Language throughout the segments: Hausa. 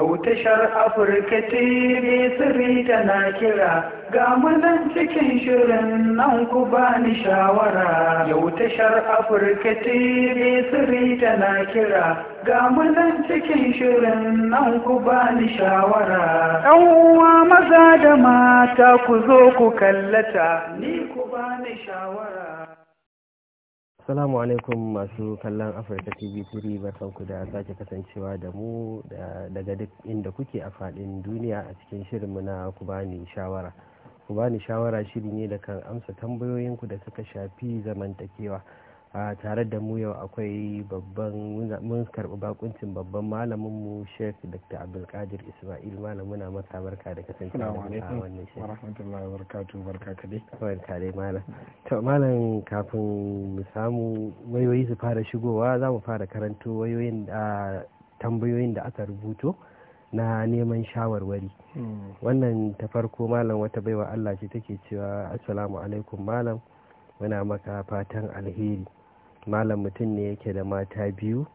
Yau tashar Afirka TV sirri tana kira ga munan cikin shirin nan ku bani shawara. Yau tashar Afirka TV sirri tana kira ga munan cikin shirin nan ku bani shawara. uwa maza da mata ku zo ku kallata, ni ku bani shawara. Assalamu alaikum masu kallon Afirka TV 3 barkanku da sake kasancewa da mu daga duk inda kuke a faɗin duniya a cikin shirin shirinmu na bani Shawara. ku bani Shawara shiri ne da kan amsa tambayoyinku da suka shafi zamantakewa. a tare da mu yau akwai babban mun karɓi bakuncin babban malamin mu Sheikh Dr. Abdulkadir Ismail malam muna masa barka da kasancewa a wannan shi. Rahmatullahi wa barka ka dai. Barka malam. To malam kafin mu samu wayoyi su fara shigowa za mu fara karanto wayoyin da tambayoyin da aka rubuto na neman shawarwari. Hmm. Wannan ta farko malam wata baiwa Allah ce take cewa Assalamu alaikum malam muna maka fatan alheri. malam mutum ne yake da mata biyu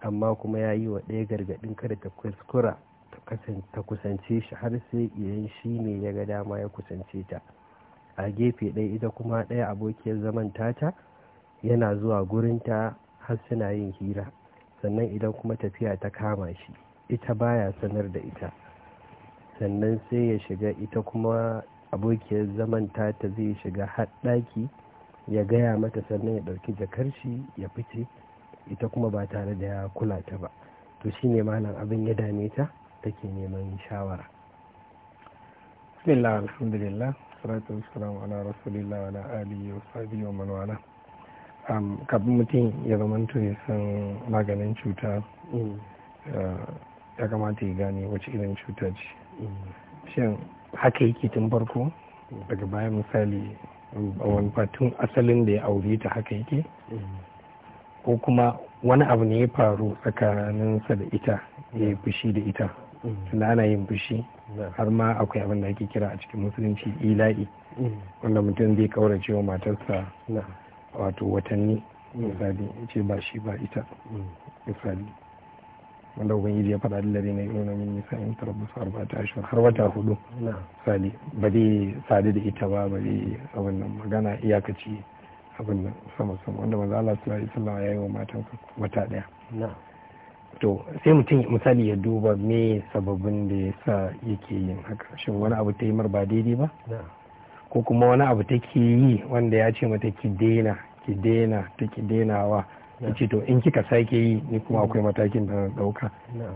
amma kuma ya yi wa ɗaya gargaɗin kada ta kuskura ta kusance shi har sai idan shi ne ya ga dama ya kusance ta a gefe ɗaya ita kuma ɗaya abokiyar zaman tata yana zuwa gurinta har suna yin hira sannan idan kuma tafiya ta kama shi ita baya sanar da ita sannan sai ya shiga ita kuma abokiyar zaman tata zai shiga har ya gaya mata sannan ya ɗauki jakar shi ya fice ita kuma ba tare da ya kula ta ba to shine malam abin ya dame ta take neman shawara bismillah alhamdulillah salatu wassalamu ala rasulillah wa alihi wa sahbihi wa man wala kafin mutum ya zamanto ya san maganin cuta mm. eh, ya kamata ya gane wace irin cuta ce mm. shin haka yake tun farko mm. daga bayan misali tun asalin da ya aure ta haka yake ko kuma wani abu ne ya faru tsakaninsa da ita ya yi fushi da ita tunda yin fushi har ma akwai abin da ake kira a cikin musulunci ila'i wanda mutum zai ƙaurace wa matarsa wato watanni misali ce ba shi ba ita mm. misali wanda ubangiji ya faɗa da na yi min nisa in tarabbasu arba'ata ashhur har wata hudu Na. sali ba zai sadi da ita ba ba zai abin nan magana iyakaci abin nan sama sama wanda manzo Allah sallallahu alaihi wasallam ya yi wa matan wata daya to sai mutum misali ya duba me sababin da ya sa yake yin haka shin wani abu ta yi mar ba daidai ba ko kuma wani abu take yi wanda ya ce mata ki daina ki daina ta ki dainawa ya ce to in kika sake yi ni kuma akwai matakin da na dauka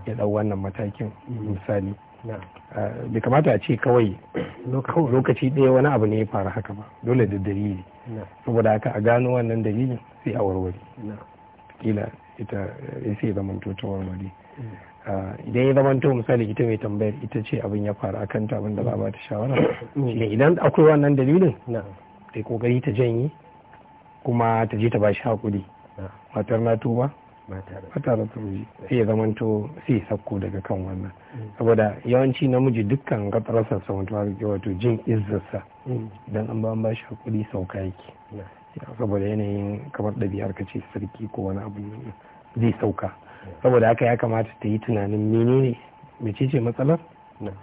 ya dau wannan matakin mm. misali ah, bai kamata a ce kawai lokaci ɗaya wani abu ne ya fara haka ba dole da dalili saboda haka a gano wannan dalilin sai a warware kila ita eh, sai ya zamanto ta warware mm. ah, idan ya zamanto misali ita mai tambayar ita ce abin ya fara a kanta abin da ba ta shawara mm. idan akwai wannan dalilin sai kokari ta janye kuma ta je ta ba shi hakuri matar na tuba matar na tuba sai ya to sai sakko daga kan wannan saboda yawanci namiji dukkan katsararsa sa wato wato jin izzarsa mm. idan an ba an bashi hakuri sauka yake saboda yanayin kamar ɗabi'ar ka ce sarki ko wani abu zai sauka saboda haka ya kamata ta yi tunanin menene ce matsalar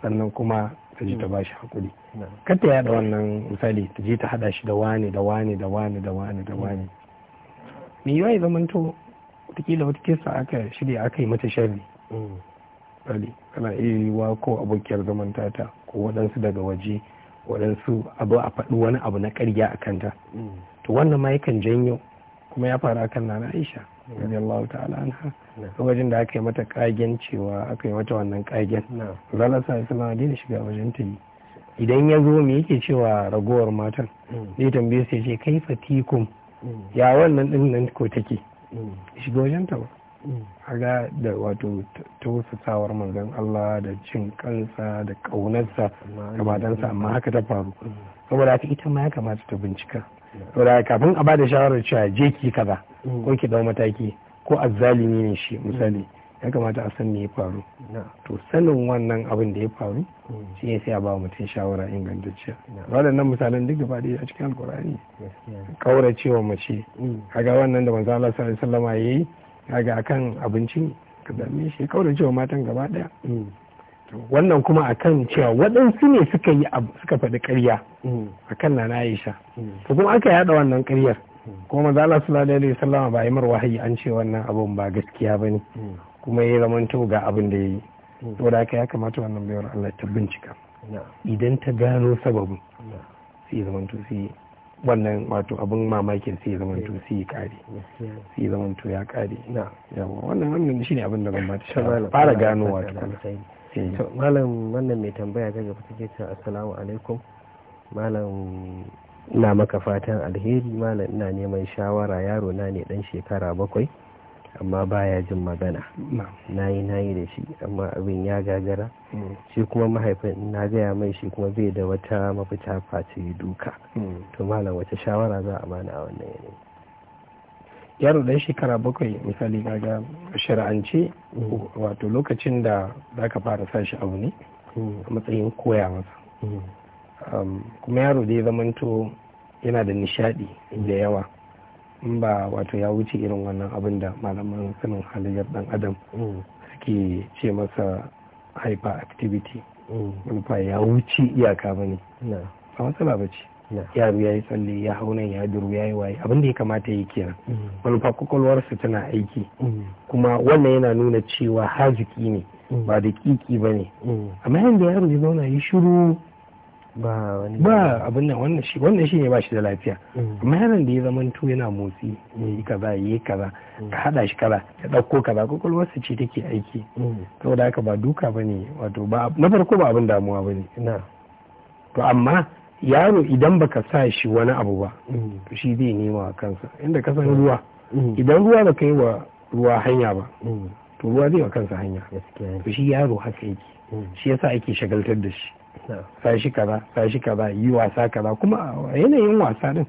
sannan kuma ta ji ta mm. ba shi hakuri kar ta yada wannan misali ta je ta hada shi da wane da wane da wane da wane da wane me yi ya to wata kesa aka shirya aka yi mata sharri mm. kana iya wa ko abokiyar zamantata ko waɗansu daga waje waɗansu abu a faɗi wani abu na ƙarya a kanta mm. to wannan ma yakan janyo kuma ya faru akan nana aisha radiyallahu ta'ala anha lokacin da aka yi mata kagen cewa aka yi mata wannan kagen zala sa islam da shiga wajen ta yi idan ya zo me yake cewa ragowar matan mm. zai tambaye su ya ce kai fatikum ya wannan din nan ko take mm. shiga wajen ta ba mm. ga da wato tausasawar manzon Allah da cin kansa da kaunarsa gabatansa amma mm. haka ta faru saboda haka ita ma ya kamata ta bincika saboda kafin a bada shawarar cewa je ki kaza ko ki dau mataki ko azzalimi ne shi misali ya kamata a san me ya faru to sanin wannan abin da ya faru shi ne sai a ba mutum shawara ingantacciya waɗannan misalan duk da faɗi a cikin alkur'ani kaura cewa mace kaga wannan da manzo Allah sallallahu alaihi wasallam yayi kaga akan abincin ka dame shi kaura cewa matan gaba daya wannan kuma akan cewa waɗansu ne suka yi suka faɗi ƙarya akan na Aisha to kuma aka yada wannan ƙaryar kuma manzo Allah sallallahu alaihi wasallam ba yi mar wahayi an ce wannan abun ba gaskiya bane kuma ya to ga abin da ya yi da aka ya kamata wannan baiwar Allah ta bincika idan ta gano sababin sai ya to sai wannan wato abin mamakin sai ya to sai ya kare sai ya zamanto ya kare yawa wannan wannan shine abin da zan ba ta fara gano wato eh. malam wannan mai tambaya ga gaba take cewa assalamu alaikum malam na maka fatan alheri malam ina neman shawara yaro na ne dan shekara bakwai amma baya jin magana na yi na yi da shi amma abin ya gagara mm. shi kuma mahaifin na gaya mai shi kuma bai da wata mafita face duka mm. to malam wace shawara za a mana a wannan yanayi yaro dan shekara bakwai misali gaga shari'ance mm. wato lokacin da za ka fara sashi abu ne a matsayin koya masa kuma yaro da zamanto yana da nishadi da yawa in ba wato ya wuce irin wannan abin da malaman sanin halayyar dan adam suke ce masa hyper activity. manufa mm. ya wuce iyaka ba ne ba matsala ba ce yaro ya yi tsalle ya hau nan ya duru ya yi waye abin da ya kamata ya kira manufa mm. kwakwalwarsa tana aiki mm. kuma wannan yana nuna cewa hajiki ne ba da kiki ba ne amma yadda yaro ya zauna ya shiru ba abin nan wannan shi ne ba shi da lafiya mm. amma yaron da ya zama to yana motsi ya yi kaza ya yi kaza ka mm. hada shi kaza ya dauko kaza kwakwalwarsa ce take aiki mm. da haka ba duka ba ne wato na farko ba abin damuwa ba na to amma yaro idan baka sa shi wani abu ba to shi zai nema a kansa inda ka san ruwa idan ruwa baka yi wa ruwa hanya ba to ruwa zai wa kansa hanya to shi yaro haka yake shi yasa ake shagaltar da shi sashi kaza sashi kaza yi wasa kaza kuma yanayin wasa din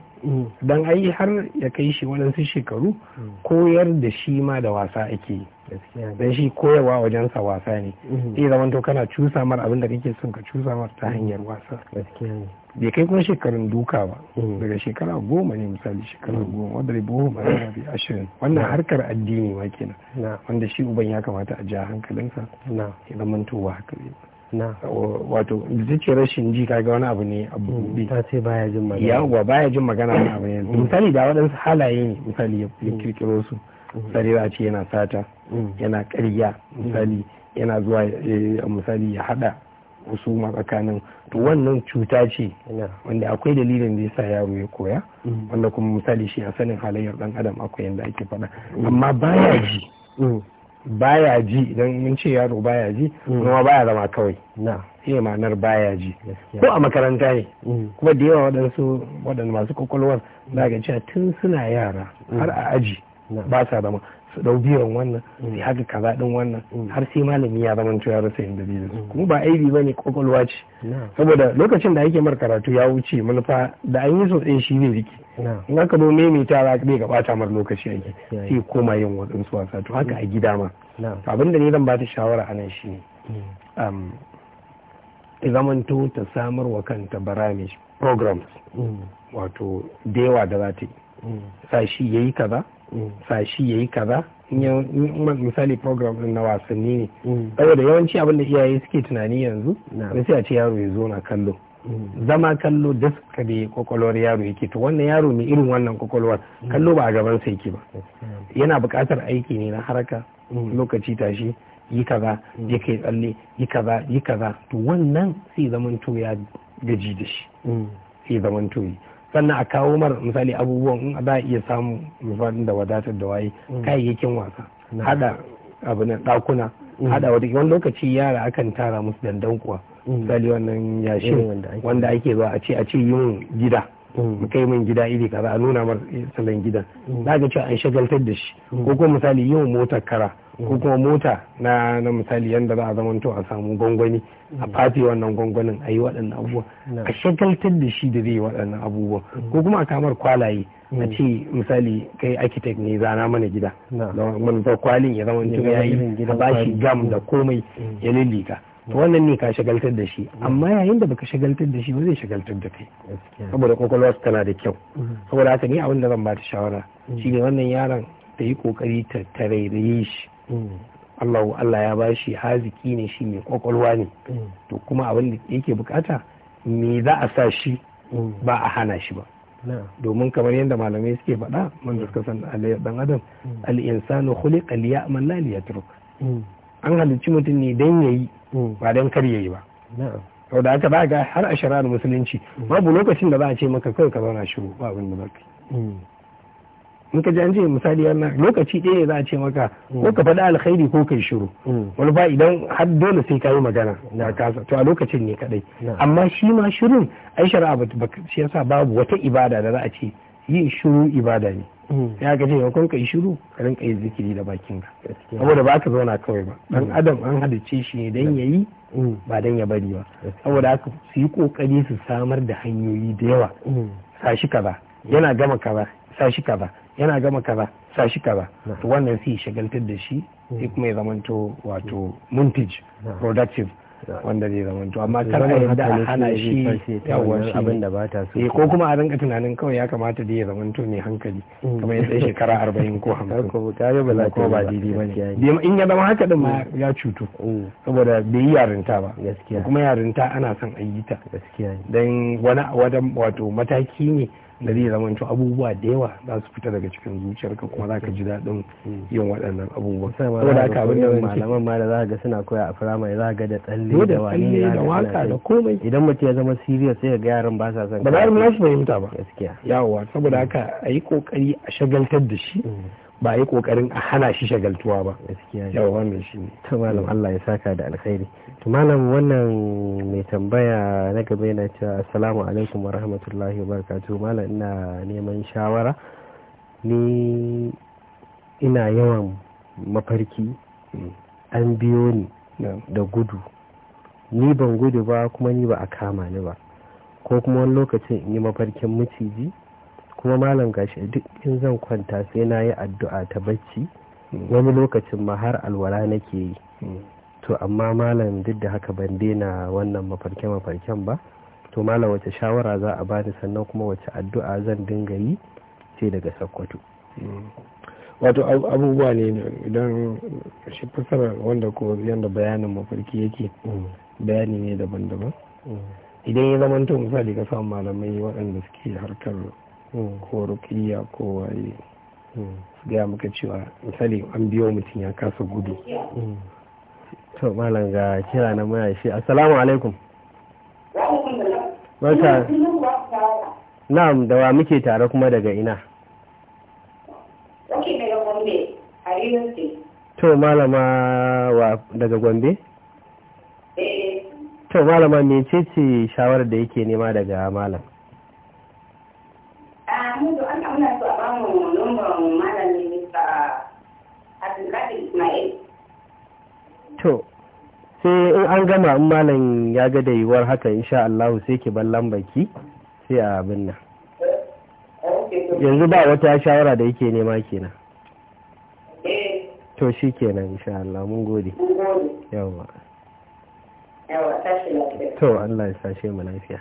dan ai har ya kai shi waɗansu shekaru koyar da shi ma da wasa ake yi dan shi koyarwa sa wasa ne sai mhm. to kana cusa mar abin da kake son ka cusa mar ta hanyar wasa bai kai kuma shekarun duka ba mhm. daga shekara goma ne misali shekara mhm. goma wadda da bohu ma yana bi ashirin wannan harkar addini ma kenan wanda shi uban ya kamata a ja hankalinsa ya ba haka zai wato da ce rashin ji kaga wani abu ne abu mm, bi ta ce baya jin magana yawwa baya jin magana wani abu ne mm. misali da waɗansu halaye ne misali ya kirkiro mm. su misali za a ce yana sata yana karya. misali yana zuwa eh, misali ya haɗa wasu tsakanin to wannan cuta ce wanda akwai dalilin da yasa yaro ya koya wanda kuma misali shi a sanin halayyar dan adam akwai yadda ake faɗa amma baya ji baya ji idan mun ce yaro baya ji mm. kuma baya zama kawai na iya ma'anar baya ji ko a makaranta ne mm. kuma da yawa waɗansu waɗanda masu kwakwalwar za ga cewa tun suna yara har a mm. aji ba sa zama su dau biyan wannan yi mm. haka kaza din wannan mm. har sai malami ya zama ya rasa yin biyu mm. kuma ba aibi ba ne kwakwalwa ce saboda lokacin da ake mar karatu ya wuce manufa da an yi sosai shi zai riki in aka zo maimaita za ka ga bata mar lokaci ake sai koma yin waɗansu wasa to haka a gida ma abin da ne zan ba ta shawara a nan shi ne um, zamanto ta samar wa kanta baramish programs wato da yawa da za ta yi sa shi ya yi kaza sashi ya yi kaza misali program din na wasanni ne mm. saboda yawanci abin da iyaye suke tunani yanzu na sai a ce yaro ya zo na kallo mm. zama kallo da suka bi kwakwalwar yaro yake to wannan yaro mai irin wannan kwakwalwar kallo ba a gaban sa yake ba yana buƙatar aiki ne na haraka mm. lokaci tashi yi kaza ya kai tsalle yi kaza yi kaza to wannan sai zaman ya gaji da shi sai zaman yi sannan a kawo mara misali abubuwan in za a iya samu misalin da wadatar da waye mm. kayayyakin wasa hada abu na dakuna mm. hada wata wani lokaci yara akan tara musu dandan kuwa mm. misali wannan yashin wanda ake zuwa a ce a ce yin gida kai min gida iri kaza a nuna mar salon gidan za ga cewa an shagaltar da shi ko kuma misali yau motar kara ko kuma mota na na misali yadda za a zamanto a samu gwangwani a fafe wannan gwangwanin a yi waɗannan abubuwa a shagaltar da shi da zai yi waɗannan abubuwa ko kuma a kamar kwalaye a ce misali kai architect ne zana mana gida da manufar kwalin ya zama ya yi a bashi gam da komai mm. ya lullika wannan ne ka shagaltar da shi amma yayin da baka shagaltar da shi ba zai shagaltar da kai saboda kwakwalwa tana da kyau mm-hmm. saboda haka ne abin da zan ba ta shawara mm-hmm. shine wannan yaron ta yi kokari ta tarairaye shi mm-hmm. Allah Allah ya bashi haziki ne shi mai kwakwalwa ne to kuma abin da yake bukata me za a sa shi ba a hana shi ba domin kamar yadda malamai suke faɗa man suka san dan adam al-insanu khuliqa liya'mal la liyatruk an halicci mutum ne dan yayi Hmm. ba don kar yi ba sau da aka ba ga har a shari'ar musulunci hmm. babu lokacin da ba a ce maka kawai ka zauna shiru ba abin da hmm. in ka ji an ce misali yana lokaci ɗaya za a ce maka ko ka faɗi alkhairi ko kai shiru wani ba idan har dole sai ka yi magana na kasa to a lokacin ne kaɗai amma shi ma shirin ai shari'a ba shi yasa babu wata ibada da za a ce yin shiru ibada ne Mm. ya gaje ya kun kai shiru ka rinka yin zikiri da bakin ka saboda ba ka zauna kawai ba dan mm. adam an hadace shi ne dan yayi mm. ba dan ya bari ba saboda haka su yi kokari su samar da hanyoyi da yawa sa shi kaza yana gama kaza sa shi kaza yana gama kaza sa shi kaza to wannan sai shagaltar da shi sai kuma ya zamanto wato muntage productive wanda zai zama to amma kar a yadda a hana shi yawon abin da ba ta so eh, ko kuma a rinka tunanin kawai ya kamata da ya zama to mai hankali mm. kamar ya tsaye shekara arba'in ko hamsin ko ba daidai ba ne in ya zama haka din ma mm. ya cutu mm. saboda bai yi yarinta ba gaskiya. kuma yarinta ana son a yi ta don wani wato mataki ne da zai zama abubuwa da yawa za su fita daga cikin zuciyarka kuma za ka ji daɗin yin waɗannan abubuwa ko da aka abin da malaman ma da za ga suna koya a firamare za ga da tsalle da wani da waka da idan mutum ya zama siriya sai ga yaran ba sa son ba za su fahimta ba gaskiya saboda haka a yi kokari a shagaltar da shi mm. ba yi kokarin a hana shi shagaltuwa ba gaskiya mai shi to malam mm. Allah ya saka da alkhairi to malam wannan mai tambaya na gaba yana cewa assalamu alaikum wa rahmatullahi wa barakatuh malam ina neman shawara ni ina yawan mafarki mm. an biyo ni da gudu ni ban gudu ba kuma ni ba a kama ni ba ko kuma wani lokacin in yi mafarkin maciji kuma malam gashi duk in zan kwanta sai na yi addu'a ta bacci wani lokacin ma har alwala nake yi to amma malam duk da haka ban daina wannan mafarke mafarken ba to malam wace shawara za a bani sannan kuma wace addu'a zan dinga yi sai daga sakkwato wato abubuwa ne idan shi fasara wanda ko yadda bayanin mafarki yake bayani ne daban-daban mm. idan ya zama misali ka samu malamai waɗanda suke harkar ko rukiya ko waye hmm. gaya muka cewa misali an biyo mutum ya kasa gudu hmm. to malam ga kira na muna shi assalamu alaikum barka na'am da wa muke tare kuma daga ina to malama wa daga gombe eh. to malama mecece shawarar da yake nema daga malam to sai in an gama in malam ya ga da yiwuwar haka insha Allah sai ki bar lambaki sai a abin nan yanzu ba wata shawara da yake nema kenan to shi kenan insha Allah mun gode yawa to Allah ya sashe mu lafiya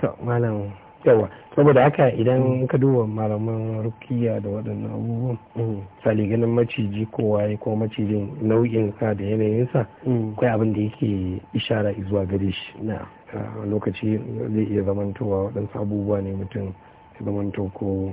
to malam yawa saboda haka idan mm. ka duba malaman rukiya da waɗannan abubuwan mm. sali ganin maciji ko waye ko macijin nau'in sa da yanayinsa mm. kai abin da yake ishara zuwa gare shi na lokaci zai iya zamantowa waɗansu abubuwa ne mutum zamanto ko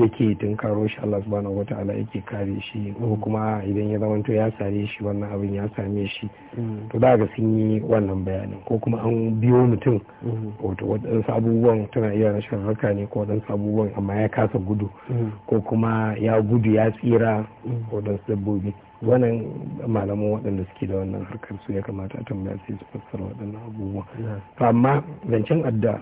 yake tunkaro shi Allah subhanahu wata'ala yake kare shi ko kuma idan ya zamanto ya sare shi wannan abin ya same shi mm. to da ga sun yi wannan bayanin ko kuma an biyo mutum mm. wato waɗansu abubuwan tana iya rashin haka ne ko waɗansu abubuwan amma ya kasa gudu mm. ko kuma ya gudu ya tsira waɗansu dabbobi wannan malaman waɗanda suke da wannan harkar su ya kamata a tambaya sai su fassara waɗannan abubuwa amma zancen adda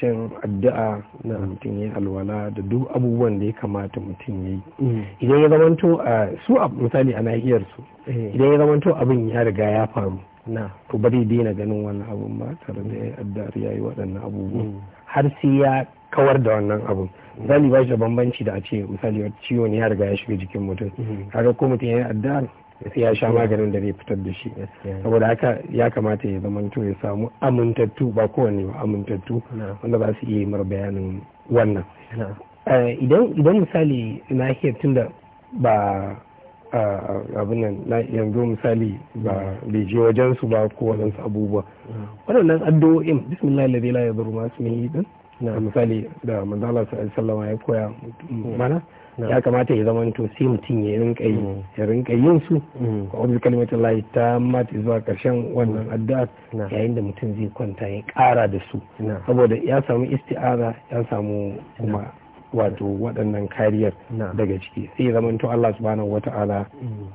jan addu'a na mutum ya alwala da duk abubuwan da ya kamata mutum ya yi mm. idan ya zamanto a su a misali a nahiyar su eh. idan ya zamanto abin ya riga ya faru na to bari daina ganin wannan abun ba tare da ya addu'ar ya yi waɗannan abubuwan mm. har sai ya kawar da wannan abun mm. misali ba shi da bambanci da a ce misali ciwon ya riga ya shiga jikin mutum kaga ko mutum ya yi addu'a sai ya sha maganin da zai fitar da shi saboda haka ya kamata ya zama to ya samu amintattu ba kowanne ba amintattu wanda ba su iya yi mar bayanin wannan eh, idan misali nahiyar tunda ba abin nan yanzu misali ba bai je wajen ba ko abubuwa waɗannan addu'o'in bismillah ladai la yadurru masu ismihi din misali da manzo Allah ya koya mana ya kamata ya zama to sai mutum ya rinka yi mm. ya rinka yin su mm. wa bi kalimatin layi ta mata zuwa karshen wannan mm. addu'a yayin da mutum zai kwanta ya kara da su saboda ya samu isti'aza ya samu kuma wato waɗannan kariyar daga ciki sai zama to Allah subhanahu wata'ala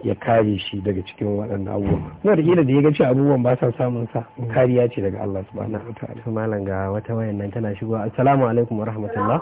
ya kare shi daga cikin waɗannan abubuwan na da kila da ya gaci abubuwan ba sa samun sa kariya ce daga Allah subhanahu wata'ala malam ga wata wayan nan tana shigo assalamu alaikum wa rahmatullah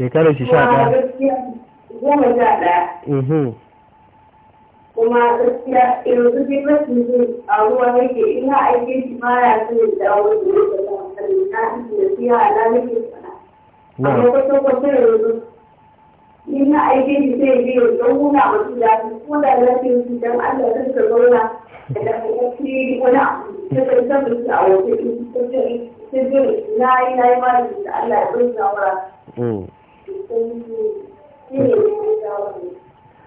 shekarar shi sha ɗaya mhm. kuma gaskiya yanzu dai rashin jin a ruwa in ina aike shi ba ya so da dawo da na da siya na nake sana amma kwata kwata yanzu in ina aike shi zai je ya dan huna mutum da su ko da lafiyar su dan Allah zai ka zauna da da kokiri wani abu ta kan san mutum a waje in ta ce na yi na yi ma da Allah ya zo na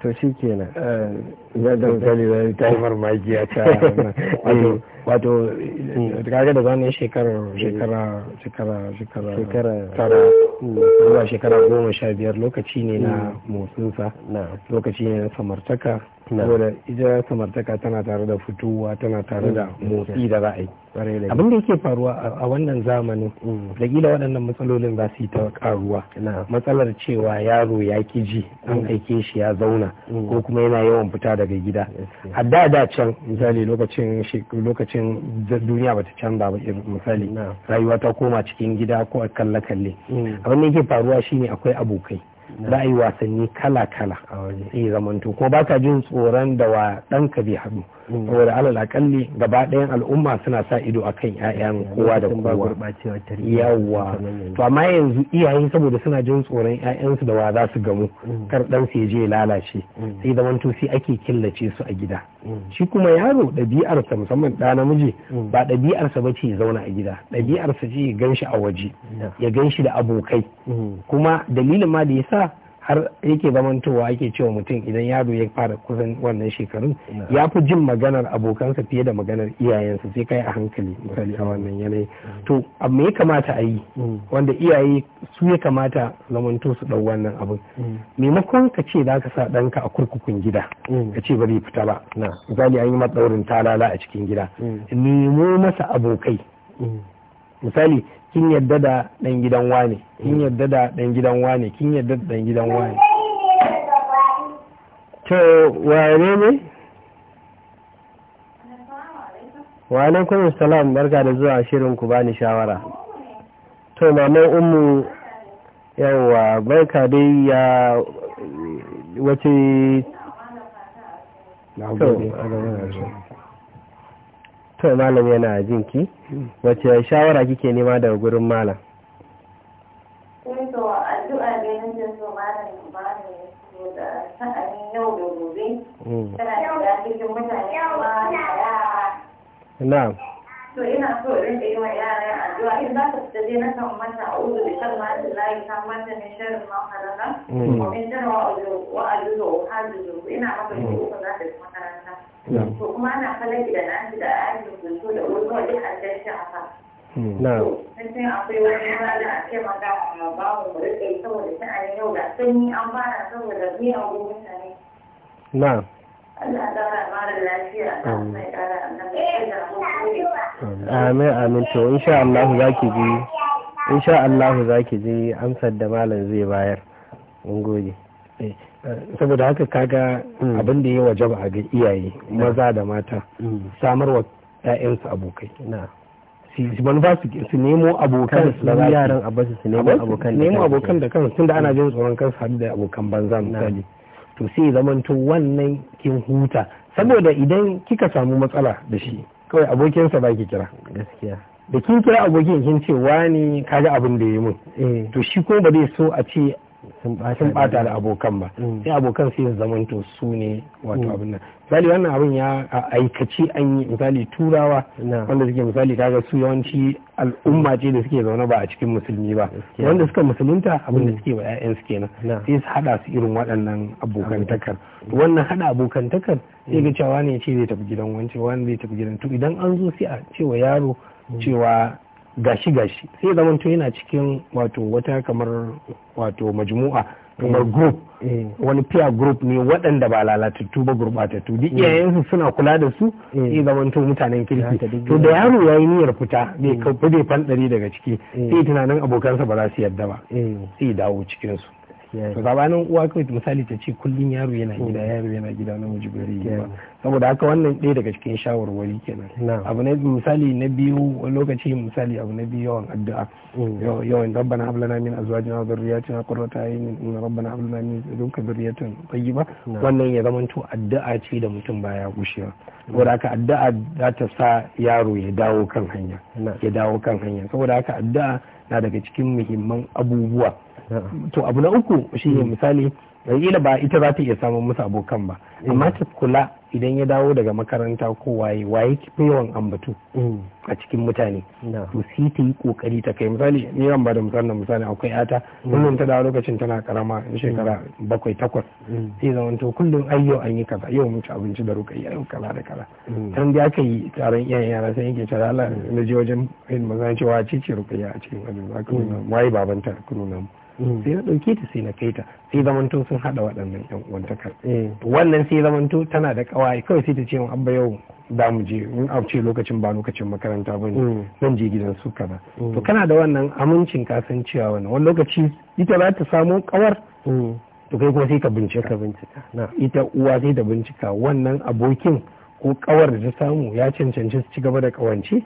to shi kenan eh, zai da da ta yi marmaki ya ta eh. wato hmm. kaga da zanen shekarar eh. shekara shekara shekara shekara tara hmm. zuwa shekara goma sha biyar lokaci ne na hmm. motsinsa lokaci ne na samartaka saboda ita samartaka tana tare da fitowa tana tare da motsi da ra'ayi abin da yake faruwa a wannan zamanin da kila waɗannan matsalolin za su yi ta karuwa matsalar cewa yaro ya ki ji an aike shi ya zauna ko kuma yana yawan fita da daga gida a da da can misali lokacin lokacin duniya bata canza ba misali rayuwa ta koma cikin gida ko a kalle kalle hmm. abin da yake faruwa shine akwai abokai za a yi wasanni kala kala a zamantu ko baka jin tsoron da wa ɗanka bai haɗu saboda alal akalli gaba ɗayan al'umma suna sa ido a kan ƴaƴan kowa da kowa yawa to amma yanzu iyaye saboda suna jin tsoron ƴaƴansu da wa za su gamu mm. kar dan su je lalace mm. sai zaman wanto sai ake killace su a gida mm. shi kuma yaro ɗabi'arsa musamman ɗa namiji ba ɗabi'arsa ba ce ya zauna a gida ɗabi'arsa ce ya gan shi a waje ya ganshi da abokai kuma dalilin ma da yasa har yake zamantowa ake cewa mutum idan yaro ya fara kusan wannan shekarun ya fi jin maganar abokansa fiye da maganar iyayensa sai kai a hankali misali a wannan yanayi to me ya kamata a yi wanda iyaye su ya kamata zamanto su dau wannan abin maimakon ka ce za ka sa ɗanka a kurkukun gida ka ce ba zai fita ba misali an yi matsaurin talala a cikin gida nemo masa abokai misali kin yadda da dan gidan wane kin yadda da dan gidan wane kin yadda da dan gidan wane to wane ne wa alaikum assalam barka da zuwa shirin ku bani shawara to mama ummu yawa barka dai ya wace na gode to malam yana jin ki wace shawara kike nema daga gurin malam eh to addu'a ne nan so malam ba ne da sa'ani yau da gobe hmm. tana da cikin mutane ba na'am to ina so idan da yi wa yara addu'a in za su fita je na kan mata a uzu da shan ma'azin layi kan mata ne sharin makaranta in mm. jira wa ajuzo wa hajjuzo ina maka shi mm. uku za ta makaranta to kuma ana falaki da nasi da ajin kuntu da wuzo duk an tashi haka mm. Na'am. Sai akwai wani rana a ce maka ma ba mu rike saboda sha'anin yau da sanyi an fara saboda miyagun mutane. Na'am. Amin amin to insha Allah za ki ji insha Allah za ki ji amsar da malam zai bayar. Mun gode. Eh, saboda haka kaga hmm. abin da ya wajaba a ga iyaye hmm. maza da mata hmm. samarwa 'ya'yansu abokai manufa su nemo abokan su yaran abasu su nemo abokan da kansu tunda ana jin tsoron kansu hadu da abokan banza misali to sai zamanto wannan kin huta saboda idan kika samu matsala da shi kawai abokinsa ba ki kira gaskiya da kin kira abokin kin ce wani kaga abin da ya mun eh. to shi ko ba zai so a ce sun bata da abokan ba mm. sai abokan sai zamanto su ne wato mm. abin nan misali wannan abin ya aikaci an yi misali turawa wanda suke misali kaga su yawanci al'umma ce da suke zaune ba a cikin musulmi ba wanda suka musulunta abin da mm. suke ba 'ya'yan suke kenan sai su hada su irin waɗannan abokantakar wannan hada abokantakar sai ga cewa ne ce zai tafi gidan wance wani zai tafi gidan to idan an zo sai a cewa yaro cewa gashi gashi sai zamanto yana cikin wato wata kamar wato majmu'a kamar group eh. wani peer group ne waɗanda ba lalatattu ba gurɓatattu duk eh. iyayensu suna kula da su eh. sai zamanto mutanen kirki to da yaro ya yi niyyar fita bai fanɗari daga ciki sai tunanin abokansa ba za su yarda ba sai dawo cikin su sabanin uwa kawai misali ta ce kullum yaro yana gida mm. yaro yana gida na miji bari ba saboda haka wannan ɗaya daga cikin shawarwari kenan abu na misali na biyu lokaci misali abu na biyu yawan addu'a mm. yawan rabban hab na min na zurriyati na qurrata ayni inna rabbana hab lana min ladunka zurriyatan tayyiba wannan ya zama to addu'a ce da mutum baya gushewa mm. saboda haka addu'a za ta sa yaro ya dawo kan hanya ya dawo kan hanya saboda haka addu'a na daga cikin muhimman abubuwa to abu na uku shi ne mm. misali kila ba ita za ta iya samun musu abokan ba mm. amma ta kula idan ya dawo daga makaranta ko waye waye kifin yawan ambatu mm. a cikin mutane to sai ta yi kokari ta kai misali ni ran ba da misali na misali akwai yata kullum ta dawo lokacin tana karama shekara bakwai takwas sai zaman to kullum ai yau an yi kaza yau mun ci abinci da rukai yau kaza da kaza can da aka yi taron iyayen yara sai yake cewa Allah na je wajen cewa ce ce a cikin wajen waye babanta ku nuna mu Mm. sai na ɗauke ta sai na kai ta sai zamanto sun haɗa waɗannan yan uwantakar eh. wannan sai zamanto tana da ƙawaye kawai sai ta ce abba yau za mu je in a ce lokacin ba lokacin makaranta ba ne mm. zan je gidan su kaza mm. to kana da wannan amincin kasancewa wannan wani lokaci ita za ta samu ƙawar to kai kuma sai ka bincika ka bincika ita uwa sai ta bincika wannan abokin ko kawar da ta samu ya cancanci su ci gaba da kawance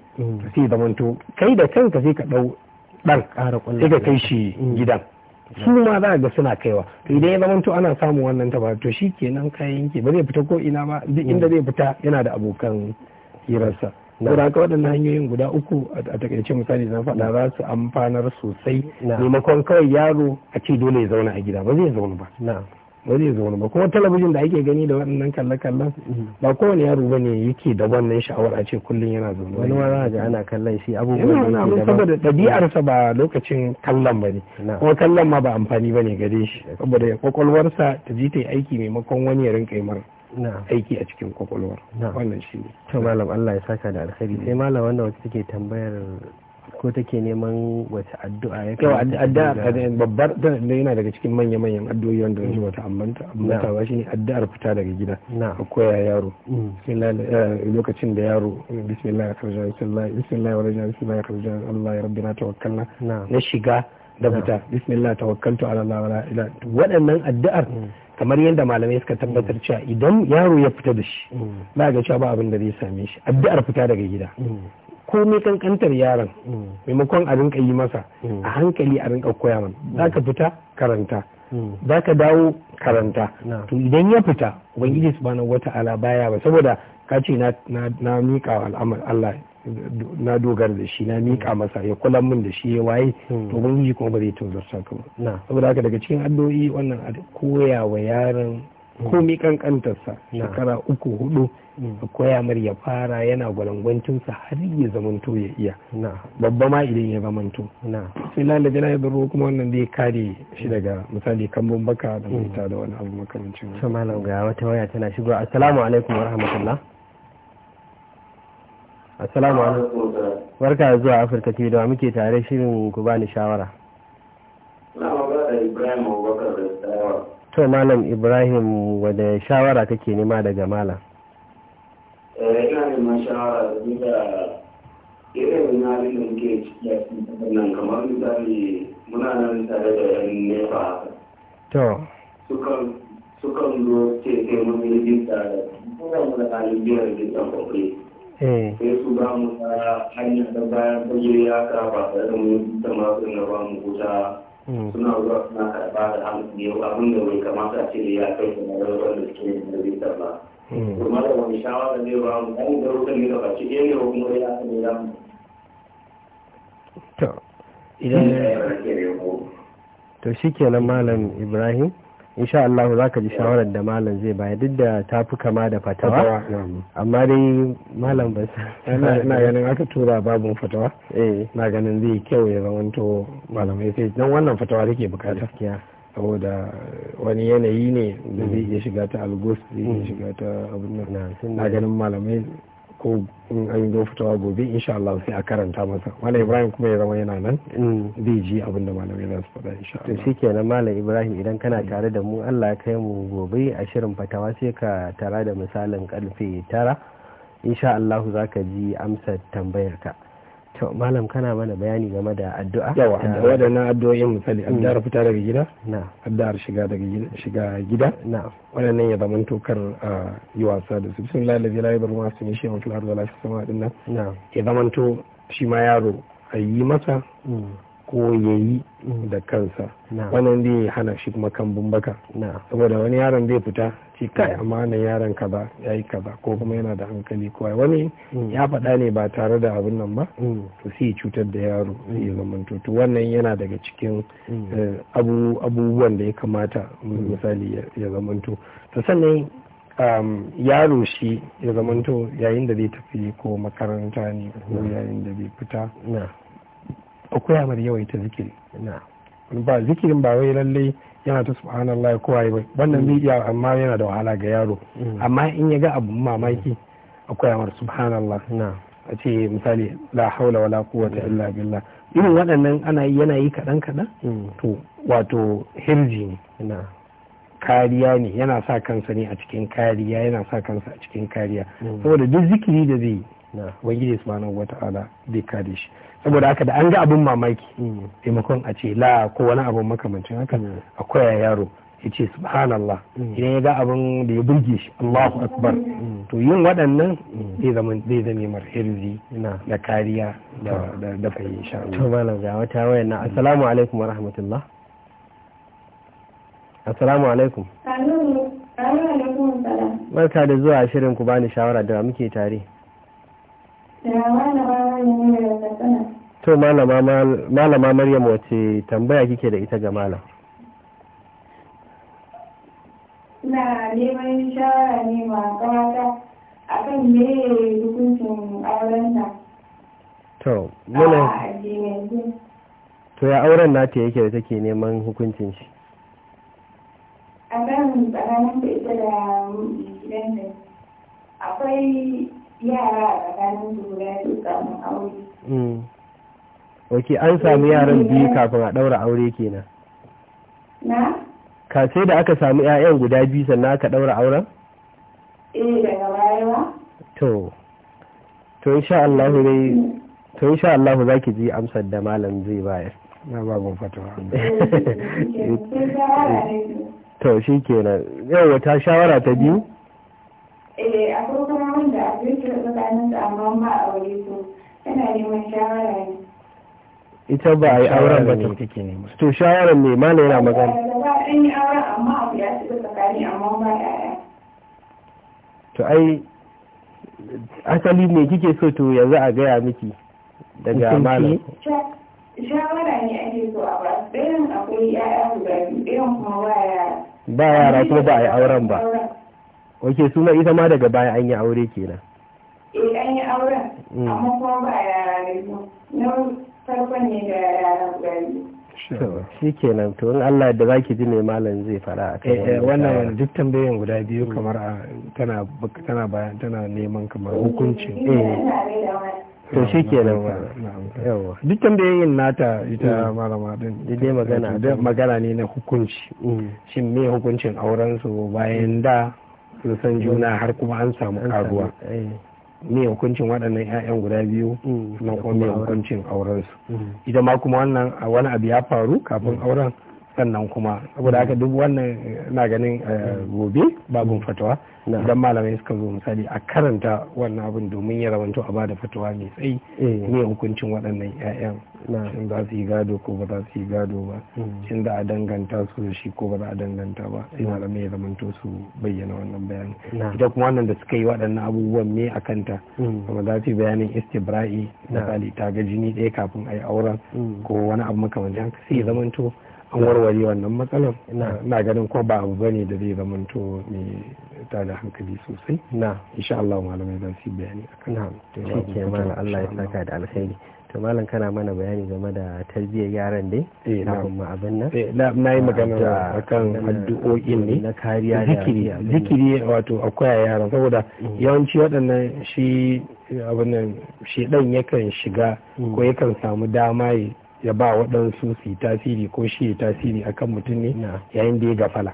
sai zamanto kai da kanka sai ka ɗau ɗan. dau dan sai ka kai shi gidan su ma za ga suna kaiwa to idan ya zamanto ana samun wannan ta to shi kenan kayan ke ba zai fita ko ina ba duk inda zai fita yana da abokan hirarsa saboda ka waɗannan hanyoyin guda uku a takaice misali zan faɗa za su amfanar sosai maimakon kawai yaro a ce dole ya zauna a gida ba zai zauna ba ba zai zaune ba kuma talabijin da ake gani da waɗannan kalle-kallen mm-hmm. ba kowane yaro ba ne yake da wannan sha'awar a ce kullum yana zaune wani wani ga ana kallon shi abubuwan da yake saboda ɗabi'arsa ba mm-hmm. lokacin kallon ba ne kuma kallon ma ba amfani ba ne gare shi saboda kwakwalwarsa ta ji ta yi aiki maimakon wani ya rinka yi aiki a cikin kwakwalwar wannan shi ne to malam Allah ya saka da alkhairi mm. sai malam wanda wata take tambayar ko take neman wace addu'a ya kawo addu'a babbar da yana daga cikin manya manyan addu'o'i wanda zai wata ambanta ambanta ba shi ne addu'ar fita daga gida a koya yaro mm. eh, lokacin da yaro bismillah ya karja bismillah bismillah ya raja bismillah ya karja Allah ya rabbina tawakkalna na shiga da fita bismillah tawakkaltu ala Allah wala ila waɗannan addu'ar mm. kamar yadda malamai suka tabbatar mm. cewa idan yaro ya fita da shi ba ga cewa ba abin da zai same shi addu'ar fita daga gida komai kankantar yaron mm. maimakon a rinka yi masa mm. a hankali a rinka koya mana mm. za ka fita karanta za ka dawo karanta to idan ya fita ubangiji wata ala baya ba saboda ka ce na mika al'amar Allah na dogara da shi na mika masa ya kula min da shi ya waye to ubangiji kuma ba zai tozarta ka ba saboda haka daga cikin addu'o'i wannan a koya wa yaron komi kankantarsa shekara uku hudu a koya mar ya fara yana gwalangwancinsa har yi zamanto ya iya babba ma idan ya zamanto sai lalata jana ya zaro kuma wannan zai kare shi daga misali kambun baka da mita da wani abu makamancin shi malam ga wata waya tana shigo assalamu alaikum wa rahmatullah assalamu alaikum barka zuwa afirka tv da muke tare shirin ku bani shawara na da ibrahim abubakar to malam ibrahim wadda shawara kake nema daga malam eh, ina neman shawara da irin na rikin ke cikin nan kamar misali muna nan tare da yan nefa to sukan zo ce sai mun yi jinta da kuma mu da ɗalibiyar jintan eh sai su ba mu ta hanyar da bayan fage ya ka ba tare da mu da masu na ba mu kuta Mm. suna zuwa suna karɓa da hannu abin da bai kamata a ce ya kai da na rarrabar da suke da bitar ba kuma mm. da wani shawara zai ba mu ɗan da rukun ne da baci ɗaya ne kuma ya kan yi ramu. to idan to shi kenan malam ibrahim insha Allah za ka ji shawarar da malam zai baya duk da ta fi kama da fatawa amma dai malam ba na ganin aka tura babin fatawa eh. na ganin zai kyau ya zamanto malamai sai don wannan fatawa take bukata saboda eh, wani yanayi ne da zai mm. iya shiga ta algos mm. shiga ta abin nan na ganin malamai ko in an zo fitowa gobe insha Allah sai a karanta masa malam ibrahim kuma ya zama yana nan in zai ji abin da malamai za su faɗa insha Allah to shikenan malam ibrahim idan kana tare da mu Allah ya kai mu gobe a shirin fatawa sai ka tara da misalin karfe tara insha Allah za ka ji amsar tambayarka to malam kana mana bayani game da addu'a yawa waɗannan addu'o'in misali mm. addu'ar fita daga gida na addu'ar shiga daga gida shiga gida na waɗannan ya zaman tokar yi wasa da su bismillah allazi la yadurru ma su ne shi ardi wa la fis sama'i na ya zaman to shi ma yaro ayi masa mm. ko ya mm. da kansa wannan zai hana shi kuma kan bumbaka saboda wani yaron zai fita ci kai mm. amana yaron kaza ya yi kaza ko kuma yana da hankali ko wani mm. ya faɗa ne ba tare da abin nan ba mm. to sai cutar da yaro ya zama to wannan yana daga cikin eh, abubuwan da ya kamata misali ya zama to sannan um, yaro shi ya zamanto yayin da zai tafi ko makaranta ne ko yayin da zai fita akwai amar yawaita zikiri ba zikirin ba wai lallai yana ta subhanallah ya kowa bai wannan zai mm. iya amma yana da wahala ga yaro mm. amma in ya ga abu mamaki akwai amar subhanallah a ce misali la haula wala quwwata mm. illa billah irin waɗannan ana yana yi kaɗan kaɗan to wato hirji ne kariya ne yana sa kansa ne a cikin kariya yana sa kansa a cikin kariya hmm. saboda duk zikiri da zai ubangiji wata ala zai kare shi saboda haka da an ga abin mamaki hmm. taimakon a ce la ko wani abin makamancin haka hmm. akwai yaro ya ce subhanallah idan ya ga abin da ya burge shi allahu akbar to yin waɗannan zai zame mar hirzi da kariya da fahimta. to malam ga wata wayan assalamu alaikum wa rahmatullah assalamu alaikum barka da zuwa shirin ku bani shawara da muke tare to malama maryam wace tambaya kike da ita ga malam na neman shawara ne ma kawata akan me hukuncin aurenta to to ya auren nata yake da take neman hukuncin shi a kan tsakanin da ita da gidan da akwai yara a tsakanin su guda biyu kafin aure. Hmm. Ok, an samu yaran biyu kafin a ɗaura aure kenan. Na? Ka sai da aka samu 'ya'yan guda biyu sannan aka ɗaura auren? Eh, daga baya To, to insha Allah dai to insha Allah za ki ji amsar da malam zai bayar. Na babin fatawa. Eh, to shi nan yau wata shawara ta biyu eh akwai kuma wanda a cikin tsakanin da amma ba a aure su yana neman shawara ne ita ba a yi auren ba ne to shawara ne ma na yana magana ba an yi auren amma abu ya shiga tsakani amma ba yaya to ai asali ne kike so to yanzu a gaya miki daga amana. shawara ne ake so a ba ɗayan akwai yaya guda biyu ɗayan kuma ba yaya ba yara kuma ba a yi auren ba wake suna ita ma daga baya an yi aure kenan eh an yi auren mm. amma kuma ba yara biyu na farkon ne da yara guda biyu shi kenan to in Allah da zaki ji ne malam zai fara a kai eh, eh, wannan duk tambayoyin guda biyu mm. kamar tana tana bayan tana neman kamar hukuncin eh to shi kenan yawa duk yin nata ita hmm. malama din dai magana magana ne na hukunci hmm. shin me hukuncin auren su bayan da sun san hmm. juna har kuma an samu karuwa eh. me hukuncin waɗannan 'ya'yan guda biyu na kuma me hukuncin auren su ita ma kuma wannan wani abu ya faru kafin auren sannan kuma saboda haka duk wannan eh, na ganin eh, gobe babun fatawa idan malamai suka zo misali a karanta wannan abin domin ya rawanto a bada fatawa mai tsayi ne eh. hukuncin waɗannan 'ya'yan shin za su yi gado ko ba za su yi gado ba hmm. shin da a danganta su da shi ko ba za a danganta ba sai malamai ya zamanto su bayyana wannan bayani idan kuma wannan da suka yi waɗannan abubuwan me a kanta hmm. kuma za su yi bayanin istibra'i misali ta ga jini ɗaya kafin a yi auren hmm. ko wani abu makamancin haka sai ya zamanto an warware wannan matsalar ina ganin ko ba abu bane da zai zama to mai ta da hankali sosai na insha Allah malamai zan su bayani akan hannu shi ke mana Allah ya saka da alkhairi to malam kana mana bayani game da tarbiyyar yaran dai eh, na kuma abin nan eh, na yi magana akan addu'o'in ne na kariya da zikiri wato akwai yaran saboda mm. yawanci waɗannan shi abin nan shi dan yakan shiga mm. ko yakan samu dama ya ya ba waɗansu su yi tasiri ko shi ya tasiri akan mutum ne yayin da ya gafala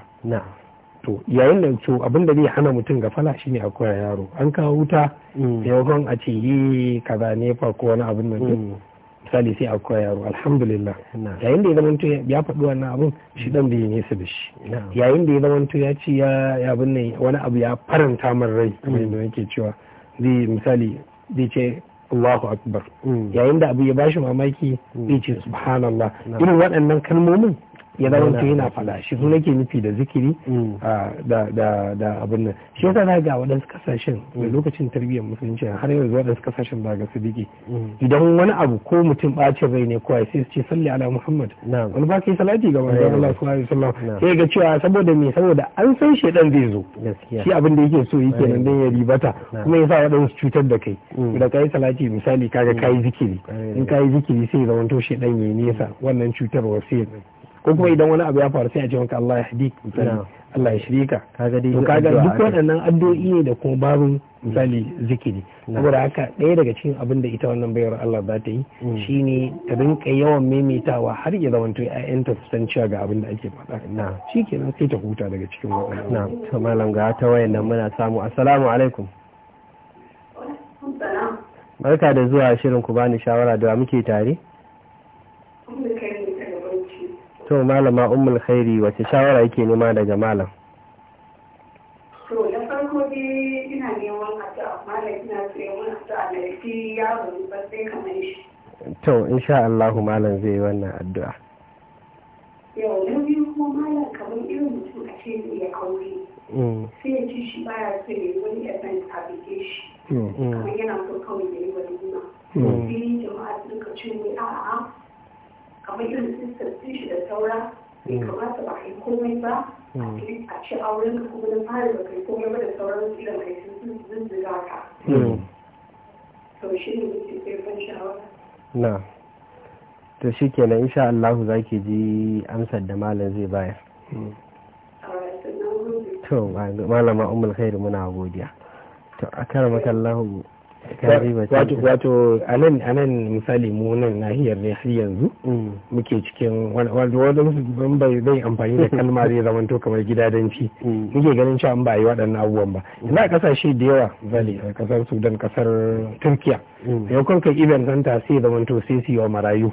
to yayin da to abin da zai hana mutum gafala shine a koya yaro an kawo wuta yawan mm. a ce yi kaza ne fa ko wani abin da mm. misali sai a koya yaro alhamdulillah yayin da ya zama to ya faɗi wannan abin shi dan bai nesa da shi yayin da ya zama to ya ce ya abin wani abu ya faranta min rai kamar mm. yadda nake cewa zai misali zai ce Allahu akbar mm. yayin da abu ya bashi mamaki mm. ce subhanallah irin waɗannan kalmomin ya zama to yana fada shi su nake nufi da zikiri mm. da abin nan shi yasa na ga waɗansu kasashen mm. da lokacin tarbiyyar musulunci har yanzu waɗansu kasashen ba ga sadiki mm. idan wani abu ko mutum ɓacin rai ne kawai sai su ce salli ala muhammad wani ba yi salati ga manzon Allah sallallahu alaihi wasallam sai ga cewa saboda me saboda an san shedan zai zo shi abin da yake so yake nan dan ya ribata kuma yasa waɗansu cutar da kai da kai salati misali kaga kai zikiri in kai zikiri sai shi shedan ya nesa wannan cutarwa sai ko kuma mhm. idan wani abu ya faru sai a ce maka Allah ya hadik misali Allah ya shirye ka kaga dai kaga duk waɗannan addu'o'i ne da kuma babu mhm. misali zikiri saboda haka ɗaya daga cikin abin da ita wannan bayar Allah za ta yi mhm. shine ta rinka yawan maimaitawa har ya zamanto ƴaƴanta su san cewa ga abin da ake faɗa shi nan sai ta huta daga cikin waɗannan na to malam ga ta wayan nan muna samu assalamu alaikum barka da zuwa shirin ku bani shawara da muke tare to malama umul khairi wace shawara yake nema daga malam to na farko dai ina neman addu'a malam ina neman addu'a da shi ya ba sai kamar shi to insha Allah malam zai yi wannan addu'a yau na biyu kuma malam kamar irin mutum a ce ya aure mm. sai ya ci shi baya so ya wani event a bige shi mm, mm. kamar yana so kawai ya yi walima sai jama'a suka ce a'a kamar irin sistar shi da saura bai hmm. kamata ba kai komai ba hmm. a ci auren ka kuma na fara ba kai komai ba da sauran su irin kai sun zuzzuga ka hmm. to shi ne muke sai ban shawara na to shi kenan insha Allah za ki ji amsar da malam zai bayar to malama umul khairu muna godiya to akar makallahu wato a anan misali mu nan nahiyar ne har yanzu mm. muke cikin wadansu wanda bai zai amfani da kalma zai zamanto kamar gidadanci mm. muke ganin cewa ba yi waɗannan abubuwan ba mm. ina kasashe da yawa a kasar Sudan kasar Turkiya yau kan kai idan zanta sai zamanto sai su yi wa marayu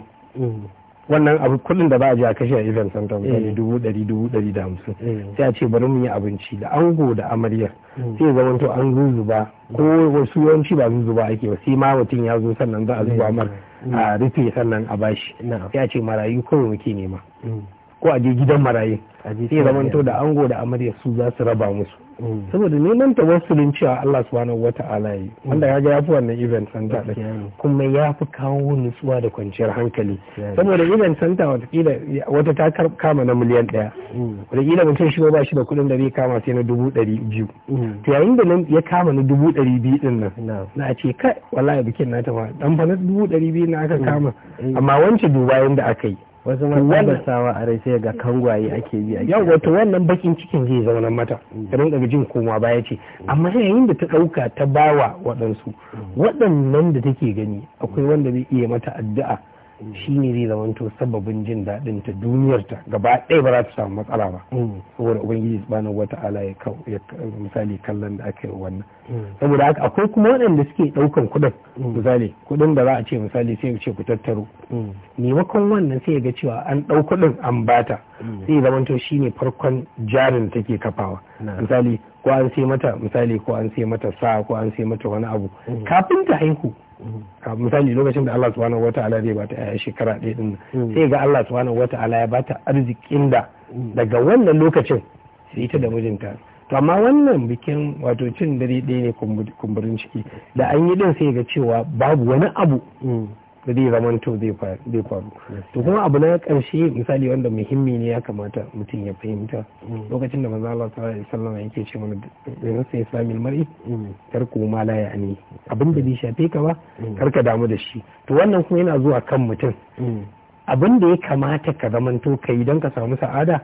wannan abu kullum da ba a je a kashe a event santa mutane mm. dubu ɗari dubu ɗari da hamsin mm. sai a ce bari mu yi abinci da ango da amaryar mm. sai ya zama to an zuzuba ko wasu yawanci ba zuzuba ake ba sai ma mutum ya zo sannan za a zuba mar a rufe sannan a bashi sai a ce marayu kawai muke nema ko a je gidan marayi sai zamanto da ango da amarya su za su raba musu mm. saboda neman ta wasu cewa Allah subhanahu wata'ala yi mm. wanda ya ga ya fi wannan event santa da kuma ya fi kawo nutsuwa da kwanciyar hankali saboda event santa watakila wata ta kama na miliyan daya mm. watakila mutum shi ba shi da kuɗin da zai kama sai na dubu dari biyu to yayin da ya kama na dubu dari biyu din nan na ce kai wallahi bikin na ta ma dan fa na dubu dari biyu na aka kama amma wancan duba yadda aka yi wasu masabasawa a rai sai ga kangwaye ake bi a yau wato wannan bakin cikin zai zauna mata ta rinka jin koma baya ce amma yayin da ta ɗauka ta bawa waɗansu mm. waɗannan da take gani akwai wanda zai iya mata addu'a shi ne zai zamanta sababin jin daɗin ta duniyar ta gaba ɗaya ba za ta samu matsala ba saboda ubangiji subhanahu wata'ala ya misali kallon da aka yi wannan saboda haka akwai kuma waɗanda suke ɗaukan kuɗin misali kuɗin da za a ce misali sai ce ku tattaro maimakon wannan sai ya ga cewa an ɗau kuɗin an bata sai to shi ne farkon jarin take kafawa misali ko an sai mata misali ko an sai mata sa ko an sai mata wani abu kafin ta haihu misali lokacin da Allah subhanahu wata'ala zai bata yaya shekara ɗaya din mm. sai ga Allah subhanahu wata'ala ya bata arzikin da mm. daga wannan lokacin sai ita da mijinta to amma wannan bikin wato cin dare ɗaya ne kumburin ciki da an yi din sai ga cewa babu wani abu mm. da zai zama to zai faru to kuma abu na karshe misali wanda muhimmi ne ya kamata mutum ya fahimta mm. lokacin da manzo Allah sallallahu alaihi wasallam yake ce mana da sai islamil mar'i mm. kar ku ma la yani abin da bai shafe ka ba mm. kar ka damu da shi to wannan kuma yana zuwa kan mutum abin da ya kamata ka zamanto ka yi don ka samu sa'ada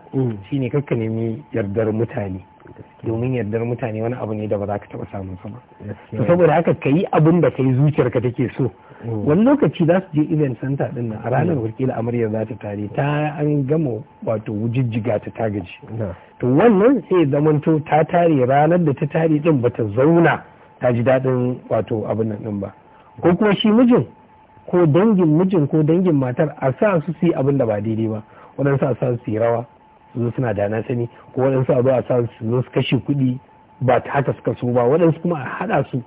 shine kakka nemi yardar mutane domin yardar mutane wani abu ne da ba za ka taba samun sa ba saboda haka ka yi abin da kai zuciyarka take so mm. wani lokaci za su je event center din nan a ranar mm. wakila amarya za ta tare ta an gama wato wujijjiga ta tagaji to wannan sai zamanto ta tare ranar da ta tare din bata zauna ta ji dadin wato abin nan din ba ko kuma shi mijin ko dangin mijin ko dangin matar a sa su su yi abin da ba daidai ba waɗansu a sa su yi rawa zo suna da na sani ko wadansu a zo a sa su zo su kashe kuɗi ba ta haka suka so ba waɗansu kuma a haɗa su